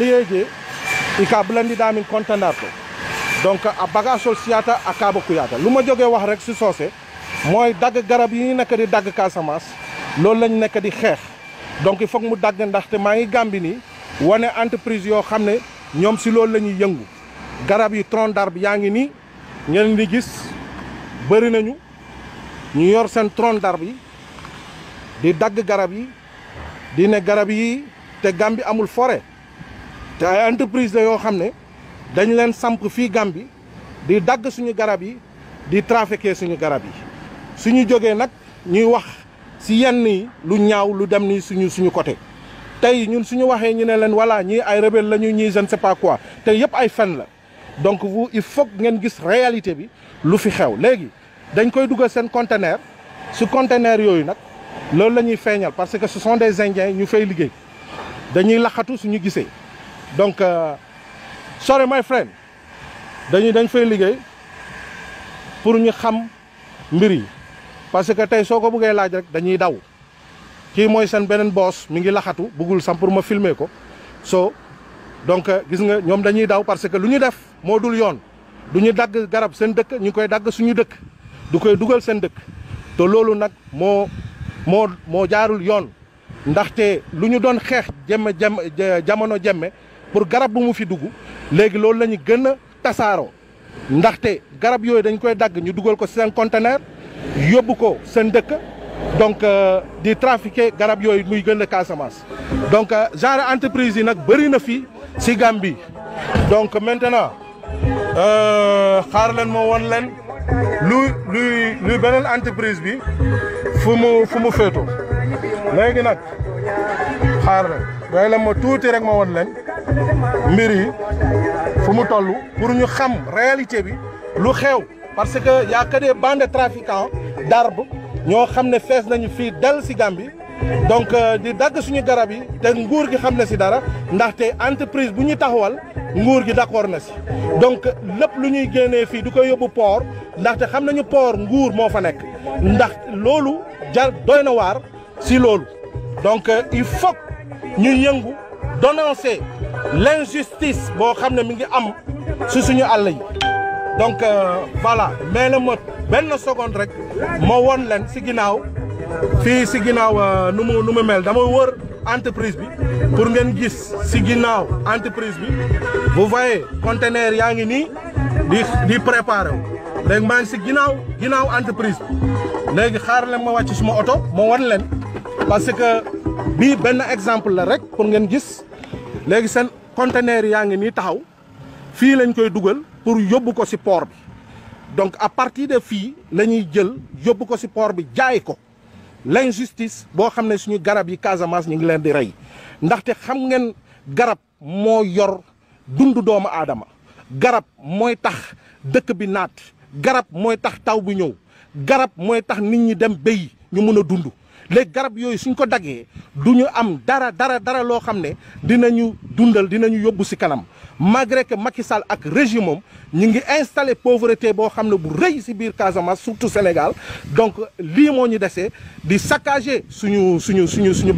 Liyeje ikabilandi damin container to donc a bagasol siyata a kaaba kuyaata lu ma jógee wax rek si soose mooy dagg garab yi ñu nekk di dagg Casamance loolu lañ nekk di xeex donc il mu dagg ndaxte maa ngi gàmbi nii wane entreprise yoo xam ne ñoom si loolu la ñuy yëngu garab yi tronc d'arbre yaa ngi nii ngeen bi gis bëri nañu ñu yor seen tronc d'arbre yi di dagg garab yi di ne garab yi te gàmbi amul forêt te ay entreprise la yoo xam ne dañ leen samp fi Gàmbi di dag suñu garab yi di trafiquer suñu garab yi suñu jógee nak ñuy wax si yenn yi lu ñaaw lu dem ni suñu suñu côté tay ñun suñu waxé ñu ne leen wala ñi ay rebelle la ñi je ne sais pas quoi tay yépp ay fen la donc vous il faut ngeen gis réalité bi lu fi xew légui dañ koy duggal sen conteneur su conteneur yoyu nak loolu lañuy ñuy parce que ce sont des indiens ñu fay liggéey dañuy laxatu suñu gisee donc euh, sorry my friend dañuy dañ fay liggéey pour ñu xam mbir yi parce que tey soo ko buggee laaj rek dañuy daw kii mooy seen beneen boos mi ngi laxatu bëggul sam pour ma filmer ko soo donc euh, gis nga ñoom dañuy daw parce que lu ñu def moo dul yoon du ñu dagg garab seen dëkk ñu koy dagg suñu dëkk du koy dugal seen dëkk te loolu nag moo moo moo jaarul yoon ndaxte lu ñu doon xeex jemme jemme jamono jemme pour garab bu mu fi dugg léegi loolu la ñu gën a ndaxte garab yooyu dañ koy dagg ñu dugal ko seen conteneur yóbbu ko seen dëkk donc euh, di trafiquer garab yooyu muy gën a Casamance. donc euh, genre entreprise yi nag bëri na fii si Gambie donc maintenant euh, xaar leen moo won leen luy luy luy beneen entreprise bi fu mu fu mu féetoo léegi nag xaar leen waaye la ma tuuti rek ma won leen. miri, yi pour ñu xam réalité bi lu parce que y a que des bandes de trafiquants d'arbres ñoo xam ne fees nañu fii dal si Gambie donc euh, di dagg suñu garab yi te nguur gi na si entreprise taxawal d'accord na donc lépp lu ñuy génnee du ko yóbbu port ndaxte xam nañu port nguur fa ndax loolu si loolu donc euh, il faut ñu yëngu dénoncer l'injustice bo xam ne mi ngi am su suñu àll yi donc euh, voilà mais le mot benn seconde rek mo won len ci ginaaw fi ci ginaaw euh, nu mu nu mel dama wër entreprise bi pour ngeen gis ci ginaaw entreprise bi vous voyez conteneur yaa ngi nii di di préparé wu léegi maa ngi si entreprise bi léegi xaar leen ma wàcc suma oto ma won leen parce que bii benn exemple la rek pour ngeen gis léegi sen conteneur yaa ngi nii taxaw fii lañ koy dugal pour yóbbu ko ci port bi donc à partir de fi, la ñuy jël yóbbu ko ci port bi jaay ko l'injustice bo xam suñu garab yi Casamance ñu leen di garab moo yor dundu doomu adama. garab moy tax dëkk bi garab moy tax taw garab moy tax nit ñi dem ñu les garab yoy suñ ko am dara dara dara lo xamné dinañu dundal dinañu malgré que Macky Sall ak régime nous ñi ngi pauvreté bo bu reuy surtout biir surtout Sénégal donc nous mo ñu di saccager suñu suñu suñu suñu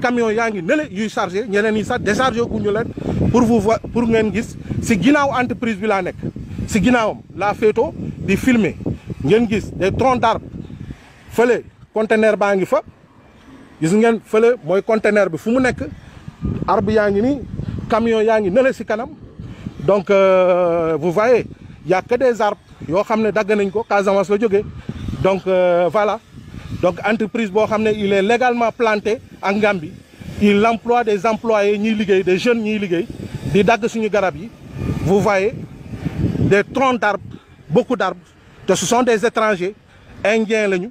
camion yaangi il yu charger ñeneen yi déchargé pour vous pour ngeen gis entreprise bi la nek ci ginaawam La photo di filmer des troncs d'arbres conteneur baa ngi fa gis ngeen feulé moy conteneur bi fu mu arbres arbre yaangi ni camions camion yaangi nele kanam donc euh, vous voyez il y a que des arbres yo xamné dag nañ ko Casamance la jógee donc euh, voilà donc entreprise bo il est légalement planté en Gambie il emploie des employés ñi liggéey des jeunes ñi liggéey di dag suñu garab yi vous voyez des troncs d'arbres beaucoup d'arbres ce sont des étrangers indiens lañu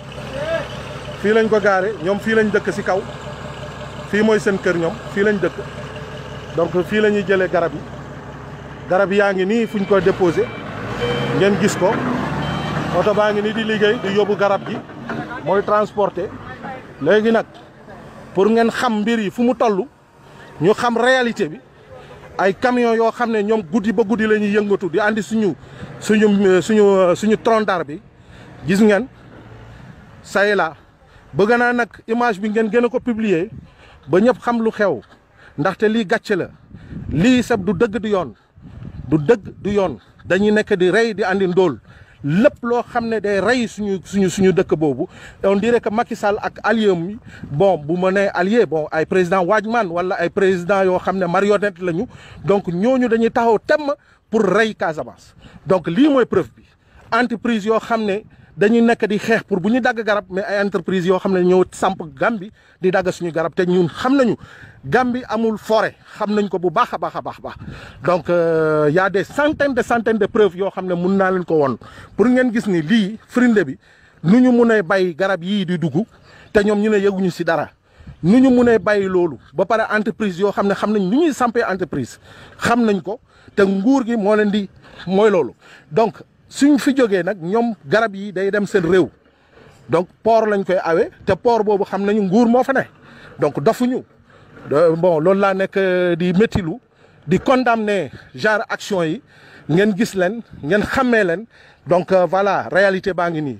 fi lañ ko garé ñom fi lañ dëkk ci kaw fi moy seen kër ñom garabi lañ dëkk donc fi la jëlé garab yi garab yaangi ni fuñ ko déposer ngeen gis ko auto baangi ni di liggéey di yobu garab gi moy transporter légui nak pour ngeen xam mbir yi fu mu tollu ñu xam réalité bi ay camion yo xamné ñom goudi ba goudi lañuy yëngatu di andi suñu suñu suñu suñu trondar bi gis ngeen say la bëgg naa nag image bi ngeen gën a ko publier ba ñëpp xam lu xew ndaxte lii gàcce la lii sab du dëgg du yoon du dëgg du yoon dañuy nekk di rey di andi ndóol lépp loo xam ne day rey suñu suñu suñu dëkk boobu on dirait que Macky Sall ak allié bon bu ma nee allié bon ay président Wajman wala ay président yoo xam ne marionnette lañu donc ñooñu dañuy taxaw temm pour rey Casamance donc lii mooy preuve bi entreprise yoo xam ne. dañuy nekk di xeex pour bu ñu dagg garab mais ay entreprise yoo xam ne ñëw samp Gàmbi di dagg suñu garab te ñun xam nañu Gàmbi amul forêt xam nañ ko bu baax a baax a baax baax donc euh, y a des centaines de centaines de preuves yoo xam ne mun naa leen ko woon pour ngeen gis ni lii firnde bi nu ñu mun a bay garab yii di dugg te ñoom ñu ne yëguñu si dara nu ñu mun a bay loolu ba pare entreprise yoo xam ne xam nañ nu ñuy sampee entreprise xam nañ ko te nguur gi moo leen di mooy loolu donc Si fi jógee nak ñom garab yi day dem seen réew donc port lañ koy awé té port bobu xam nguur mo fa né donc dofuñu bon loolu euh, di Nous di condamner genre action yi ngeen gis leen ngeen xamé donc euh, voilà réalité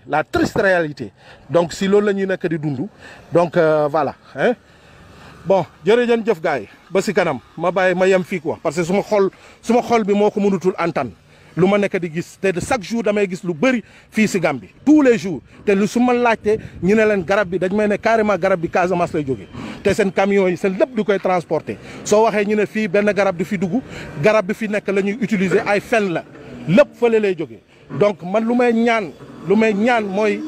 la triste réalité donc si loolu nous nous di dundu. donc euh, voilà hein bon jërëjëf jëf gaay ba si kanam ma baye ma yam fi quoi parce que suma xol xol bi mënutul lu ma nekk di gis te chaque jour damay gis lu bëri fi ci Gambie tous les jours te lu suma laaté ñu ne leen garab bi dañ may ne carrément garab bi Casamance lay joggé te sen camion yi seen lepp du koy transporter so waxé ñu ne fi ben garab du fi duggu garab bi fi nek lañuy utiliser ay fen la lepp fële lay joggé donc man lu may ñaan lu may ñaan moy